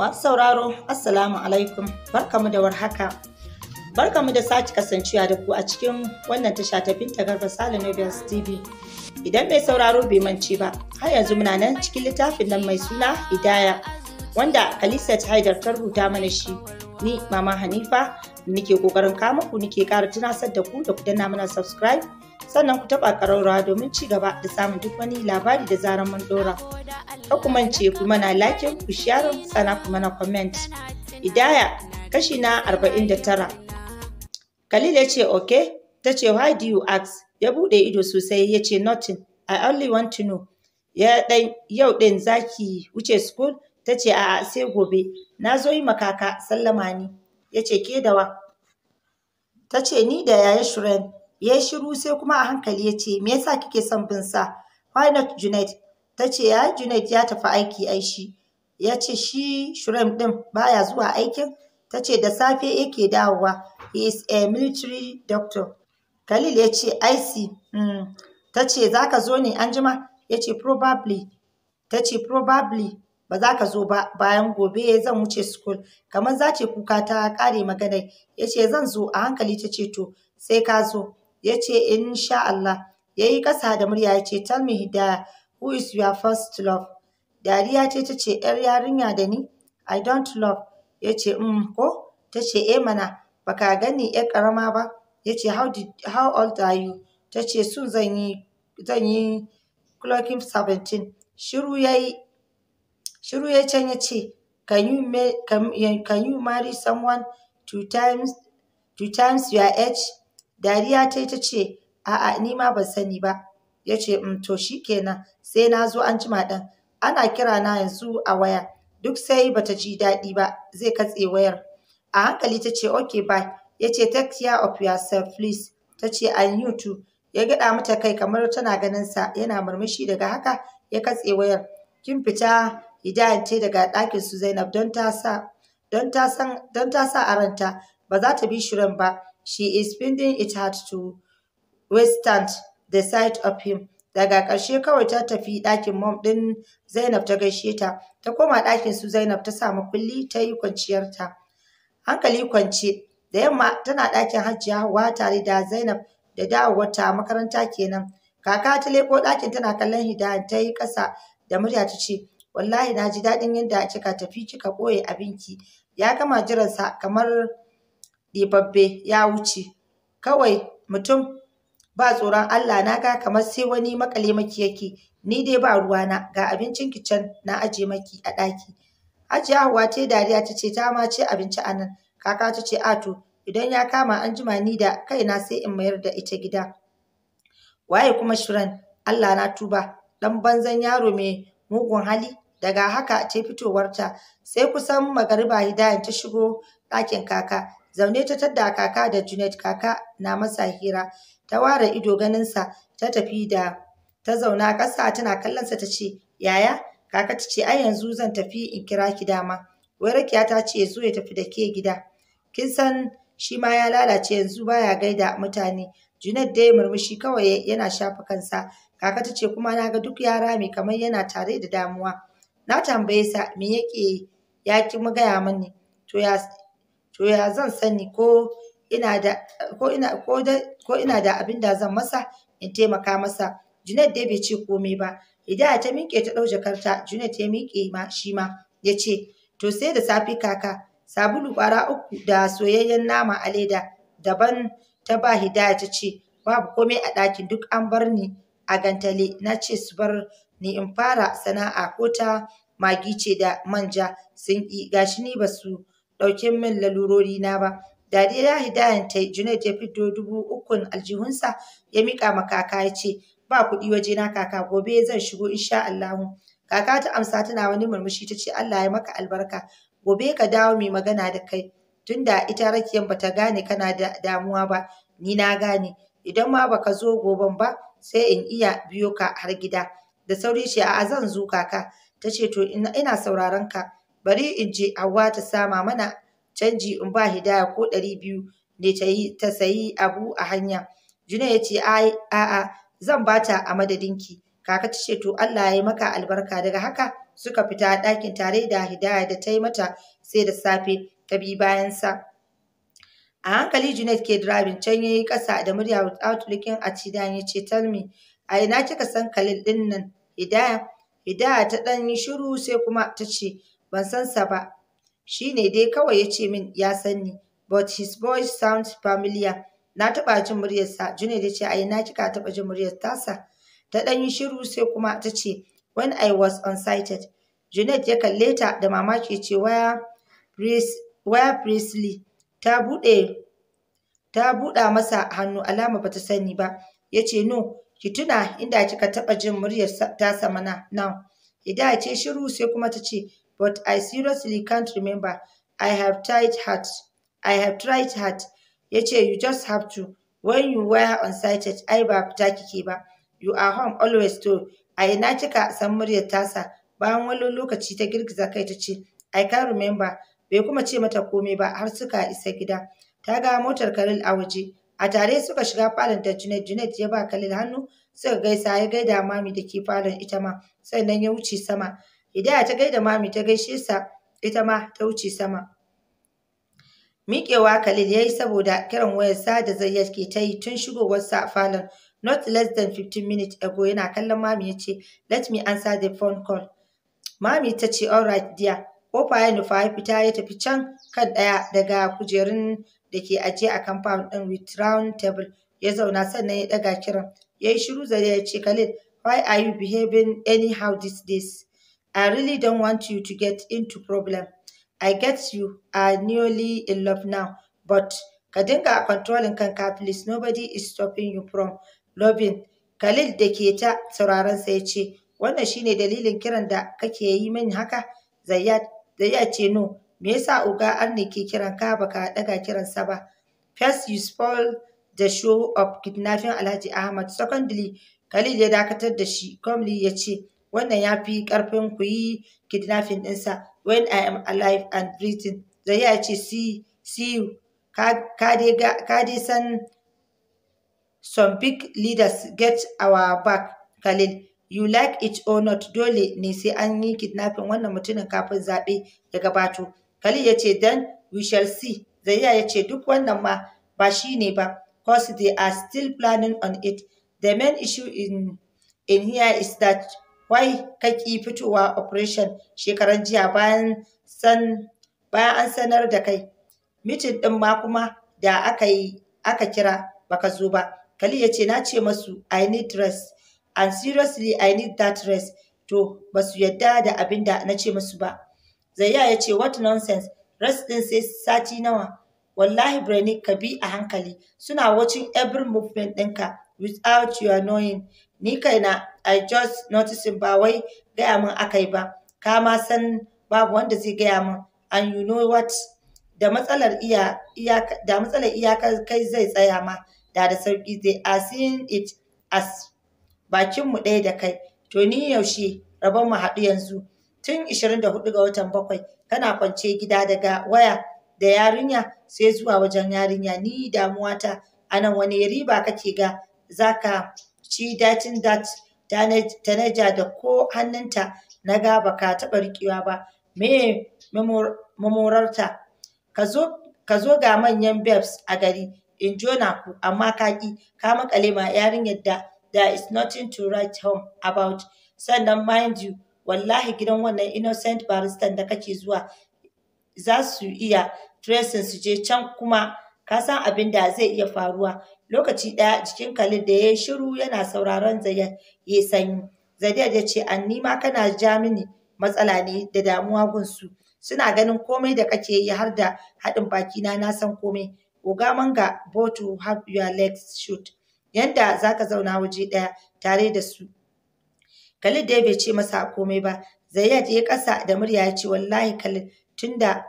Masu sauraro, Assalamu alaikum, barkamu da warhaka. Barkamu da sake kasancewa da ku a cikin wannan tasha ta Binta Garba Sale nobel TV. Idan mai sauraro bai manci ba, har yanzu muna nan cikin littafin nan mai suna Hidaya, wanda Alisa Haidar ta rubuta mana shi. Ni Mama Hanifa, nike kokarin kama ku nike kara tunasar da ku da ku danna mana subscribe sannan ku taɓa ƙaraurawa domin ci gaba da samun duk wani labari da zarar mun ɗora. Ka ku mana lakin ku share sana ku mana comment. Idaya kashi na 49. Khalil ya ce okay, ta ce why do you ask? Ya buɗe ido sosai ya ce nothing, I only want to know. Ya ɗan yau ɗin zaki wuce school? Ta ce a'a sai gobe, na zo yi makaka sallama ni. Ya ce ke dawa. Ta ce ni da yaya Shuren Ya shiru sai kuma a hankali ya ce, Me yasa kike son bin sa? Why not Junaid? Ta ce, Ya Junaid ya tafi aiki ai shi. Ya ce, Shi Shurem ɗin baya zuwa aikin? Ta ce, Da safe yake dawowa. He is a military doctor. kalil ya ce, I see. Mm. Ta ce, Za ka zo ne anjima? Ya ce, Probably. Ta ce, Probably. ba za ka zo ba bayan gobe zan wuce school kamar za ce kuka ta kare magana ya ce zan zo a hankali ta ce to sai ka zo ya ce insha Allah ya yi ƙasa da murya ya ce tell me Hidaya who is your first love dariya ce ta ce ‘yar yarinya da ni I don't love ya ce um ko ta ce e mana ka gani ‘yar ƙarama ba ya ce how, how old are you ta ce sun zan yi zan yi clocking 17 shiru ya yi shiru ya can ya ce can you, may, can, can you marry someone two times two times your age Dariya ta yi ta ce, A'a, ni ma ban sani ba. Ya ce, mm, To shi kenan, sai na zo an jima ɗan. Ana kira na yanzu a waya. Duk sai bata ji daɗi ba, zai katse wayar. A hankali ta ce, oke bye. Ya ce, Take care of yourself, please. Ta ce, I knew too. Ya gyaɗa mata kai kamar tana ganin sa, yana murmushi daga haka ya katse wayar. Kin fita Hidayat ce daga ɗakin su Zainab don ta sa don ta san don ta sa a ranta ba za ta bi shirin ba she is bending it hard to withstand the sight of him. Daga ƙarshe kawai ta tafi ɗakin mom ɗin Zainab ta gaishe ta, ta koma ɗakin su Zainab ta samu kulli ta yi kwanciyarta. Hankali kwance, da yamma tana ɗakin Hajiya Hauwa tare da Zainab da dawowarta makaranta kenan. Kaka ta leƙo ɗakin tana kallon Hidaya ta yi ƙasa da murya ta ce, Wallahi na ji daɗin yadda kika tafi kika ɓoye abinki. Ya gama jiransa kamar ɗibabbe ya wuce kawai mutum ba tsoron Allah na ga kamar sai wani makale maki yake ni dai ba ruwa na ga abincin kicin na aje maki a ɗaki aji Hauwa ta dariya ta ce ta ma ce abinci a nan kaka ta ce a idan ya kama an jima ni da kaina sai in mayar da ita gida waye kuma shirin Allah na tuba dan banzan yaro mai mugun hali daga haka ce fitowarta sai kusan magariba hidayen ta shigo ɗakin kaka Zaune ta tadda kaka da Junet kaka na masa hira ta ware ido ganinsa ta tafi da ta zauna ƙasa tana kallonsa ta ce yaya kaka ta ce ai yanzu zan tafi in kira ki dama wai rakiya ta ce yazo ya tafi da ke gida kin san shi ma ya lalace yanzu baya gaida mutane Junet dai murmushi kawai yana shafa kansa kaka ta ce kuma na ga duk yara mai kamar yana tare da damuwa na tambaye sa me yake ya ki gaya mani to to ya zan sani ko ina da ko ina ko da ko ina da abin da zan masa in taimaka masa Junaid dai bai ce komai ba Hidaya ta minke ta ɗau jakarta Junaid ya miƙe ma shi ma ya ce to sai da safi kaka sabulu ƙwara uku da soyayyen nama a leda daban ta ba Hidaya ta ce babu komai a ɗakin duk an bar ni a gantale na ce su bar ni in fara sana'a ko ta magi ce da manja sun yi gashi ni ba su ɗauke min lalurori na ba dariya hidayan ta junaid ya fito dubu ukun aljihunsa ya miƙa ma kaka ya ce ba kuɗi waje na kaka gobe zan shigo in insha Allahu kaka ta amsa tana wani murmushi ta ce Allah ya maka albarka gobe ka dawo mai magana da kai tunda ita rakiyan bata gane kana da damuwa ba ni na gane idan ma baka zo goben ba sai in iya biyo ka har gida da sauri ce a zan zo kaka ta ce to ina sauraron ka bari in je Hauwa ta sama mana canji in ba Hidaya ko ɗari biyu ne ta ta sayi abu a hanya. Juna ya ce ai a'a zan ba ta a madadinki. Kaka ta ce to Allah ya yi maka albarka daga haka suka fita ɗakin tare da Hidaya da ta yi mata sai da safe ta bi bayansa. A hankali Junet ke driving can yi ƙasa da murya without looking at Hidaya ya ce tell a ina kika san Khalil ɗin nan Hidaya Hidaya ta ɗan yi shiru sai kuma ta ce ban san sa ba shi ne dai kawai ya ce min ya san ni but his voice sounds familiar na taɓa jin muryarsa Junaid da ce ai na kika taɓa jin muryar tasa ta ɗan yi shiru sai kuma ta ce when I was unsighted junet ya kalle ta da mamaki ce waya waya Presley ta buɗe ta buɗa masa hannu alama bata sani ba yace no ki tuna inda kika taɓa jin muryar tasa mana now Ida ce shiru sai kuma ta ce but I seriously can't remember. I have tried hard. I have tried hard. Ya ce, you just have to. When you were on site. ai ba fita kike ba. You are home always to. A ina kika san muryar tasa. Bayan wani lokaci ta girgiza kai ta ce, I can remember. Bai kuma ce mata komai ba har suka isa gida. Ta ga motar Khalil a waje. A tare suka shiga falon ta Junet. Junet ya ba Khalil hannu suka gaisa ya gaida mami da ke falon ita ma. Sannan ya wuce sama. Hidaya ta gaida mami ta gaishe sa ita ma ta wuce sama. Miƙewa Khalil ya yi saboda kiran wayar sa da Zayyad ke ta yi tun sa falon not less than 15 minutes ago yana kallon mami ya ce let me answer the phone call. Mami ta ce all right dear kofa ya nufa ya fita ya tafi can kan ɗaya daga kujerun da ke ajiye a compound ɗin with round table ya zauna sannan ya ɗaga kiran ya yi shiru zare ya ce Khalil why are you behaving anyhow these days I really don't want you to get into problem. I get you are newly in love now, but ka dinga controlling kanka please nobody is stopping you from loving. Khalil da ke ta sauraron sa ya ce, wannan shine dalilin kiran da kake yi min haka? Zayyad, zayat ce no, me yasa uga Arne ke kiran ka baka daga kiran sa ba? First you spoil the show of kidnapping Alhaji Ahmad. Secondly, Khalil ya dakatar da shi. Comly ya ce, wannan ya fi ƙarfin ku yi kidnapping ɗinsa when I am alive and breathing. ya ce see, see you. Ka dai san some big leaders get our back Khalil. You like it or not dole ne sai an yi kidnapping wannan mutumin kafin zaɓe ya gabato. Khalil ya ce then we shall see. Zahiya ya ce duk wannan ma ba shi ne ba. Cause they are still planning on it. The main issue in, in here is that wai kaki fitowa operation shekaran jiya bayan san bayan an sanar da kai mitin ɗin ma kuma da aka yi aka kira baka zo ba kali ya ce na ce masu i need rest and seriously i need that rest to ba su yadda da abin da na ce masu ba zayya ya ce what nonsense rest din sai sati nawa wallahi Brenik ka bi a hankali suna watching every movement ɗinka without your knowing ni kaina I just noticing ba wai gaya min akai ba ka ma san babu wanda zai gaya min and you know what da matsalar iya da matsalar iyakar kai zai tsaya ma da da sauki zai a it as bakin mu ɗaya da kai to ni yaushe rabon mu haɗu yanzu tun 24 ga watan bakwai kana kwance gida daga waya da yarinya sai zuwa wajen yarinya ni damuwata anan wani riba kake ga zaka ci datin dat naja da ko hannunta na ga baka taɓa riƙewa ba me mamorarta ka zo ga manyan babes a gari in jona ku amma ka ƙi ka makale ma yarinyar da there is nothing to write home about sannan mind you wallahi gidan wannan innocent baristan da kake zuwa za su iya tracing su je can kuma ka san abin da zai iya faruwa Lokaci ɗaya jikin Khalid da ya yi shiru yana sauraron Zayyad ya sanyi. Zayyad ya ce an nima kana ja mini matsala ne da damuwa gunsu. Suna ganin komai da kake yi har da haɗin baki na na san komai. Oga manga to have your legs shoot. Yanda za ka zauna waje ɗaya tare da su. Khalid dai bai ce masa komai ba. Zayyad ya ƙasa da murya ya ce wallahi Khalid tunda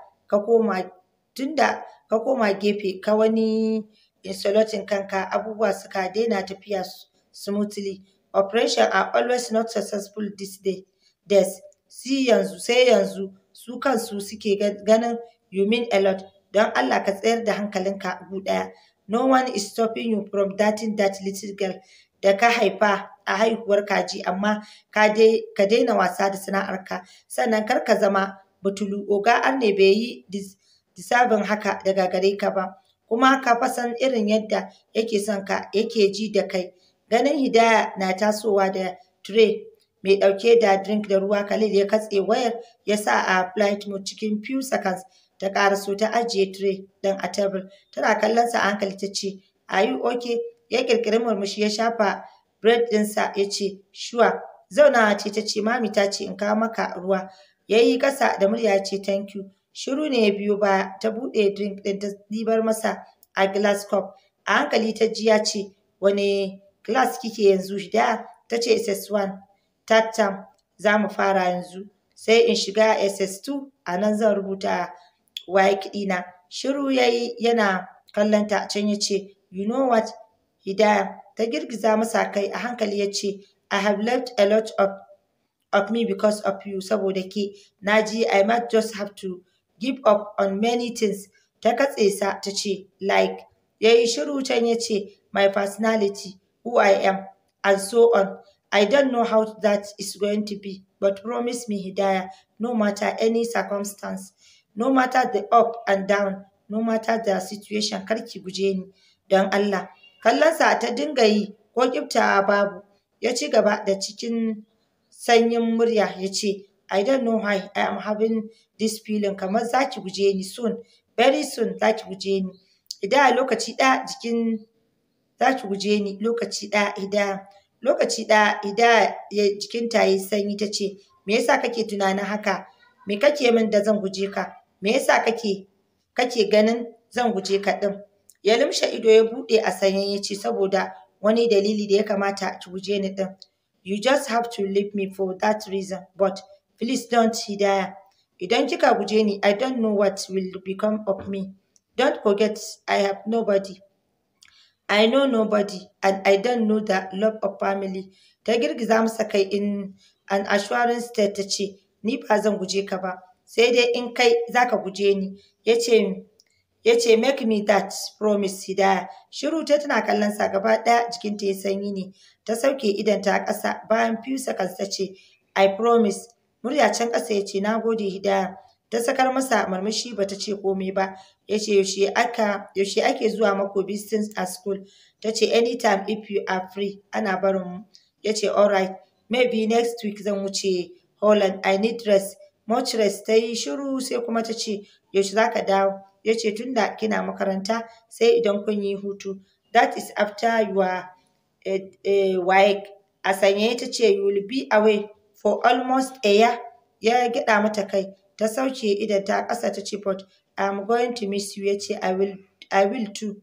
ka koma gefe ka wani insulating kanka abubuwa suka daina tafiya smoothly operation are always not successful this day des si yanzu sai yanzu su kansu suke ganin you mean a lot don Allah ka tsayar da hankalinka abu daya no one is stopping you from dating that little girl da ka haifa a haihuwar kaji amma ka daina wasa da sana'arka sannan kar ka zama butulu oga an ne bai yi disabin haka daga gare ka ba kuma ka fasan irin yadda yake son ka yake ji da kai ganin hidaya na tasowa da tray mai ɗauke da drink da ruwa Khalil ya katse wayar ya sa a flight mode cikin few seconds ta karaso ta ajiye tray ɗin a table tana kallon sa hankali ta ce are you okay ya kirkire murmushi ya shafa bread ɗinsa ya ce sure zaunawa ce ta ce mami ta ce in kawo maka ruwa ya yi ƙasa da murya ce thank you Shiru ne ya biyo ta buɗe drink ɗin ta ɗibar masa a glass cup. A hankali ta ji ya ce wani glass kike yanzu "Hida, ta ce SS1 tattam za mu fara yanzu sai in shiga SS2 a nan zan rubuta wayek ɗina. Shiru ya yi yana kallon ta can ya ce you know what hidaya ta girgiza masa kai a hankali ya ce I have left a lot of of me because of you saboda ke na ji I might just have to give up on many things ta katse sa ta ce like ya yi shiru can ya ce my personality who I am and so on I don't know how that is going to be but promise me hidaya no matter any circumstance no matter the up and down no matter the situation kar ki guje ni don Allah kallonsa ta dinga yi ko kiftawa babu ya ci gaba da cikin sanyin murya ya ce I don't know why I am having this feeling kamar za ki guje ni soon very soon za ki guje ni idan lokaci ɗaya jikin za ki guje ni lokaci ɗaya idan lokaci ɗaya idan jikinta ya sanyi ta ce me yasa kake tunanin haka me kake min da zan guje ka me yasa kake kake ganin zan guje ka din? ya lumshe ido ya buɗe a sanyen ya ce saboda wani dalili da ya kamata ki guje ni din. you just have to leave me for that reason but Please don't hidaya. Idan kika guje ni, I don't know what will become of me. Don't forget, I have nobody. I know nobody and I don't know the love of family. Ta girgiza masa kai in an assurance ta ce, Ni ba zan guje ka ba, sai dai in kai za ka guje ni. Ya ce, Make me that promise, Hidaya. Shiru ta tana kallon sa gaba ɗaya jikinta ya sanyi ne. Ta sauke idan ta ƙasa bayan few seconds ce, I promise. murya can ƙasa ya ce na gode hidaya ta sakar masa murmushi ba ta ce komai ba ya ce yaushe ake zuwa mako bistins a school ta ce anytime if you are free ana barin mu ya ce alright maybe next week zan wuce holland i need rest much rest ta yi shiru sai kuma ta ce yaushe za ka dawo ya ce tun da kina makaranta sai idan kun yi hutu that is after your uh, uh, work a sanye ta ce you will be away for almost a year. Ya gyaɗa mata kai, ta sauke idan ta ƙasa ta ce, but I'm going to miss you, ya ce, I will, I will too.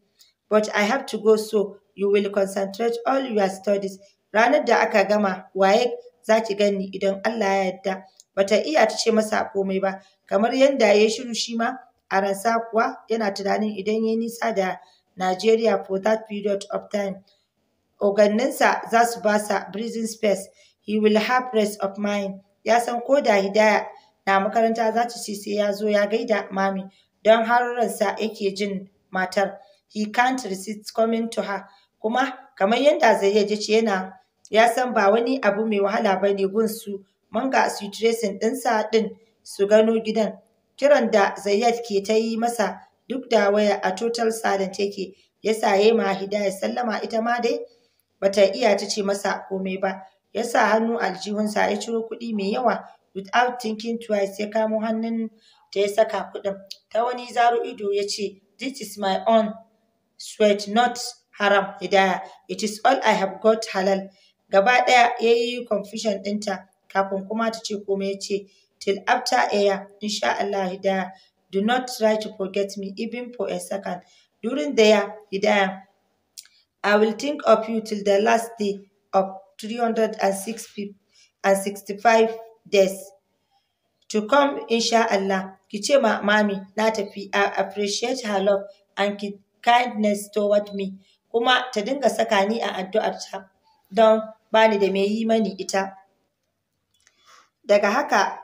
But I have to go so you will concentrate all your studies. Ranar da aka gama, waye za ki gani idan Allah ya yarda. Bata iya ta ce masa komai ba, kamar yadda ya shiru shi ma a ransa kuwa yana tunanin idan ya nisa da Najeriya for that period of time. Oganninsa za su ba sa breathing space he will have rest of mind ya san ko da hidaya na makaranta za ta ce sai ya zo ya gaida mami don har ransa yake jin matar he can't resist coming to her kuma kamar yadda Zayyad ya ce yana ya san ba wani abu mai wahala ba ne gun su manga su tracing sa ɗin su gano gidan kiran da Zayyad ke ta yi masa duk da waya a total silent yake ya saye ma Hidaya sallama ita ma dai bata iya ta ce masa komai ba ya sa hannu aljihunsa ya ciro kuɗi mai yawa without thinking twice ya kamo hannun da ya saka kuɗin ta wani zaro ido ya ce this is my own sweat not haram hidaya it is all I have got halal gaba ɗaya ya yi confusion ɗinta kafin kuma ta ce komai ya ce till after a year insha Allah hidaya do not try to forget me even for a second during the year hidaya I will think of you till the last day of 365 days to come insha'Allah ki ce ma mami na tafi I appreciate her love and kindness toward me kuma ta dinga saka ni a addu'ar ta don bani da me yi mani ita daga haka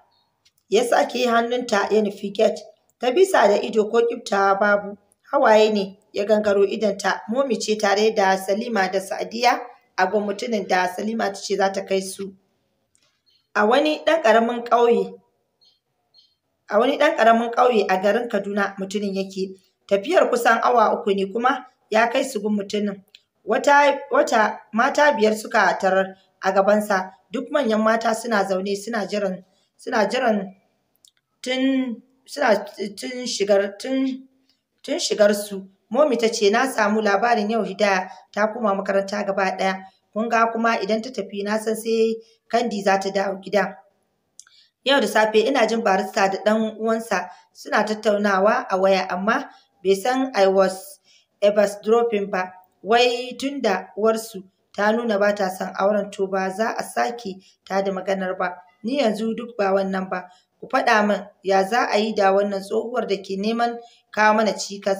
ya sake hannunta ya nufi gate ta bisa da ido ko kiftawa babu hawaye ne ya gangaro idanta momi ce tare da salima da Sadiya. a mutumin da Salima ta ce za ta kai su a wani ɗan ƙaramin ƙauye a wani ɗan ƙaramin ƙauye a garin Kaduna mutumin yake tafiyar kusan awa uku ne kuma ya kai su gun mutumin wata wata mata biyar suka tarar a gabansa duk manyan mata suna zaune suna jiran suna jiran tun suna tun shigar tun tun shigar su Momi ta ce na samu labarin yau Hidaya ta koma makaranta gaba ɗaya. Kun ga kuma idan ta tafi na san sai Kandi za ta dawo gida. Yau da safe ina jin barista da ɗan uwansa suna tattaunawa a waya amma bai san I was ever dropping ba. Wai tun da uwarsu ta nuna ba ta son auren to ba za a sake ta da maganar ba. Ni yanzu duk ba wannan ba. Ku faɗa min ya za a yi da wannan tsohuwar da ke neman kawo mana cikas.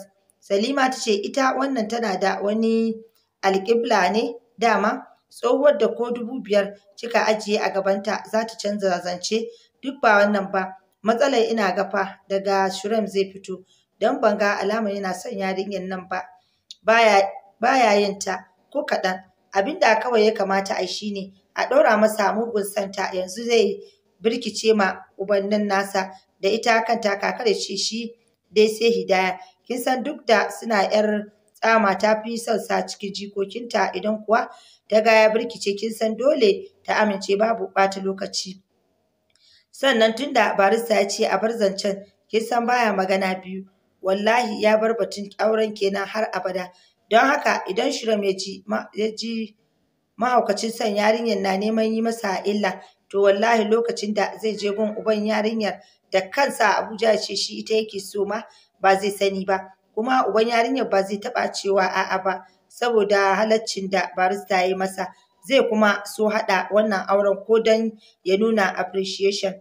Salima ta ce ita wannan tana da wani alƙibla ne dama tsohuwar da ko dubu biyar kika ajiye a gabanta za ta canza zance duk ba wannan ba matsalar ina gafa daga shirin zai fito don banga, ga alamar yana son yarinyar nan ba baya baya yin ta ko kaɗan abin da kawai ya kamata a shi ne a ɗora masa mugun santa yanzu zai birkice ma ubannin nasa da ita kanta kakar ce shi dai sai hidaya kin san duk da suna yar tsama ta fi son sa cikin jikokinta idan kuwa ta ga ya birkice kin san dole ta amince babu bata lokaci sannan tunda barista ya ce a bar zancen kin san baya magana biyu wallahi ya bar batun auren kenan har abada don haka idan shirin ya ji ya ji mahaukacin son yarinyar na neman yi masa illa to wallahi lokacin da zai je gun uban yarinyar da kansa Abuja ce shi ita yake so ma ba zai sani ba kuma uban yarinyar ba zai taɓa cewa a'a ba saboda halaccin da barista ya yi masa zai kuma so haɗa wannan auren ko dan ya nuna appreciation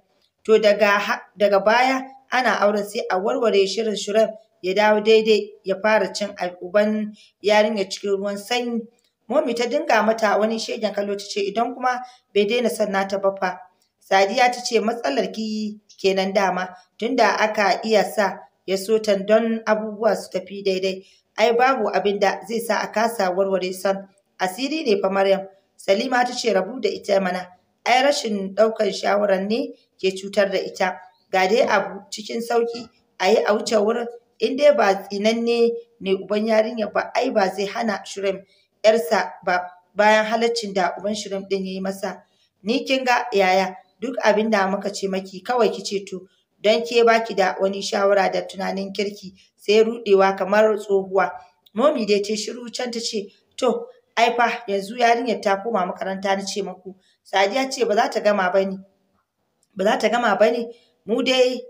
to daga daga baya ana auren sai a warware shirin shirin ya dawo daidai ya fara cin uban yarinyar cikin ruwan sanyi momi ta dinga mata wani shegen kallo ta ce idan kuma bai daina son nata ba fa sadiya ta ce matsalar ki kenan dama tunda aka iya sa ya so don abubuwa su tafi daidai ai babu abin da zai sa a kasa warware son asiri ne fa maryam salima ta ce rabu da ita mana ai rashin ɗaukar shawarar ne ke cutar da ita ga dai abu cikin sauki Ayi a wuce wurin in dai ba tsinanne ne uban yarinya ba ai ba zai hana shirin yarsa ba bayan halaccin da uban shirin din yayi masa ni kin ga yaya duk abin da muka ce maki kawai ki ce to don ke baki da wani shawara da tunanin kirki sai rudewa kamar tsohuwa. Momi dai ta shiru can ta ce to ai fa yanzu yarinyar ta koma makaranta na ce maku Sadiya ce ba za ta gama ba ne ba za ta gama ba ne mu dai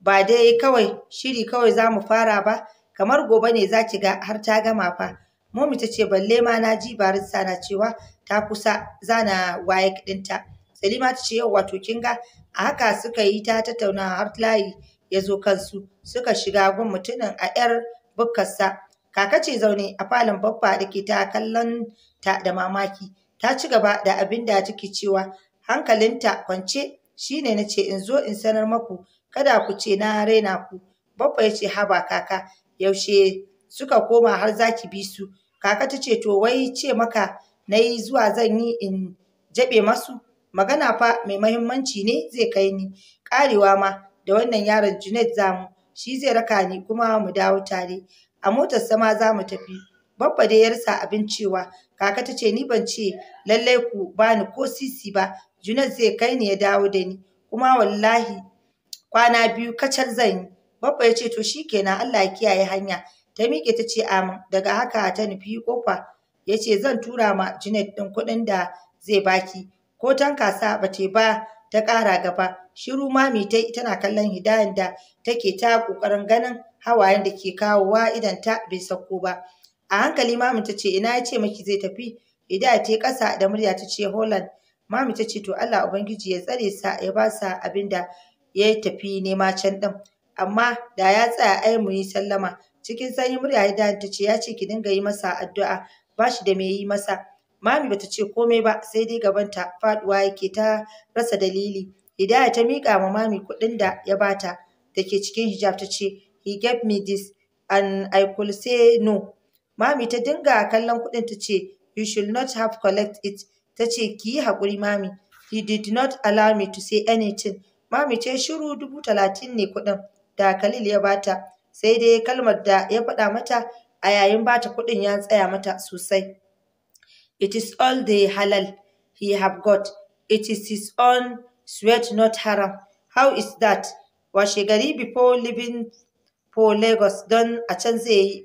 ba dai kawai shiri kawai za mu fara ba kamar gobe ne za ki ga har ta gama fa momi ta ce balle ma na ji barista na cewa ta kusa zana waye ɗinta salima ta ce yau wato kin ga a haka suka yi ta tattaunawa har layi ya zo kansu suka shiga gun mutumin a yar bukkarsa kaka ce zaune a falon babba da ke ta kallon ta da mamaki ta ci gaba da abin da take cewa hankalinta kwance shine na ce in zo in sanar maku kada ku ce na raina ku babba ya ce haba kaka yaushe suka koma har zaki bi su kaka ta ce to wai ce maka na yi zuwa zan yi in jaɓe masu magana fa mai mahimmanci ne zai kai ni Karewa ma da wannan yaron Junaid zamu shi zai raka ni kuma mu dawo tare a motar sama za mu tafi babba da yarsa abin cewa kaka ta ce ni ban ce lallai ku bani ko sisi ba Junet zai kai ni ya dawo da ni kuma wallahi kwana biyu kacal zan yi babba ya ce to shikenan Allah ya kiyaye hanya ta miƙe ta ce amin daga haka ta nufi kofa ya ce zan tura ma Junaid ɗin kuɗin da zai baki ko tankasa ba ta ba ta ƙara gaba shiru mami ta tana kallon hidayen da take ta ƙoƙarin ganin hawayen da ke kawowa idan ta bai sauko ba a hankali mami ta ce ina ya ce maki zai tafi hidaya ta yi ƙasa da murya ta ce holland mami ta ce to allah ubangiji ya tsare sa ya ba sa abin da ya tafi nema can ɗin amma da ya tsaya ai mu yi sallama cikin sanyi murya hidayen ta ce ya ce ki dinga yi masa addu'a ba shi da me yi masa Mami bata ce komai ba sai dai gaban ta faduwa yake ta rasa dalili. Hidaya ta miƙa ma mami kuɗin da ya bata da cikin hijab ta ce he gave me this and I could say no. Mami ta dinga kallon kuɗin ta ce you should not have collect it. Ta ce ki yi haƙuri mami. He did not allow me to say anything. Mami ce shiru dubu talatin ne kuɗin da Khalil ya bata. Sai dai kalmar da ya faɗa mata a yayin bata kuɗin ya tsaya mata sosai. It is all the halal he have got. It is his own sweat, not haram. How is that? Washe gari before Living for Lagos don a chance zai yi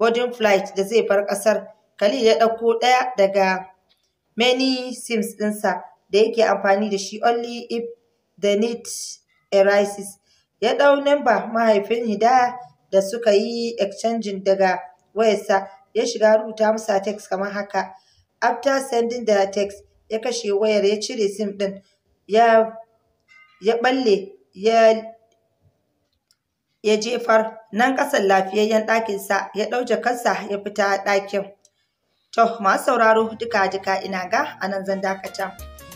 boarding flight da zai bar ƙasar. Khalil ya ɗauko ɗaya daga many sims ɗinsa da yake amfani da shi only if the need arises. Ya ɗau namba mahaifin he da suka yi exchanging daga wayarsa ya shiga rubuta masa text kamar haka after sending the text ya kashe wayar ya cire sim din ya ya balle ya ya jefar nan ƙasan lafiyayyen sa ya ɗau jakarsa ya fita ɗakin to masu sauraro duka duka ina ga anan zan dakata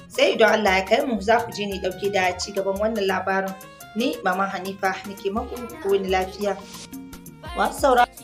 sai idan Allah ya kai mu za ku je ni ɗauke da ci gaban wannan labarin ni mama Hanifa nake maku ko ni lafiya masu sauraro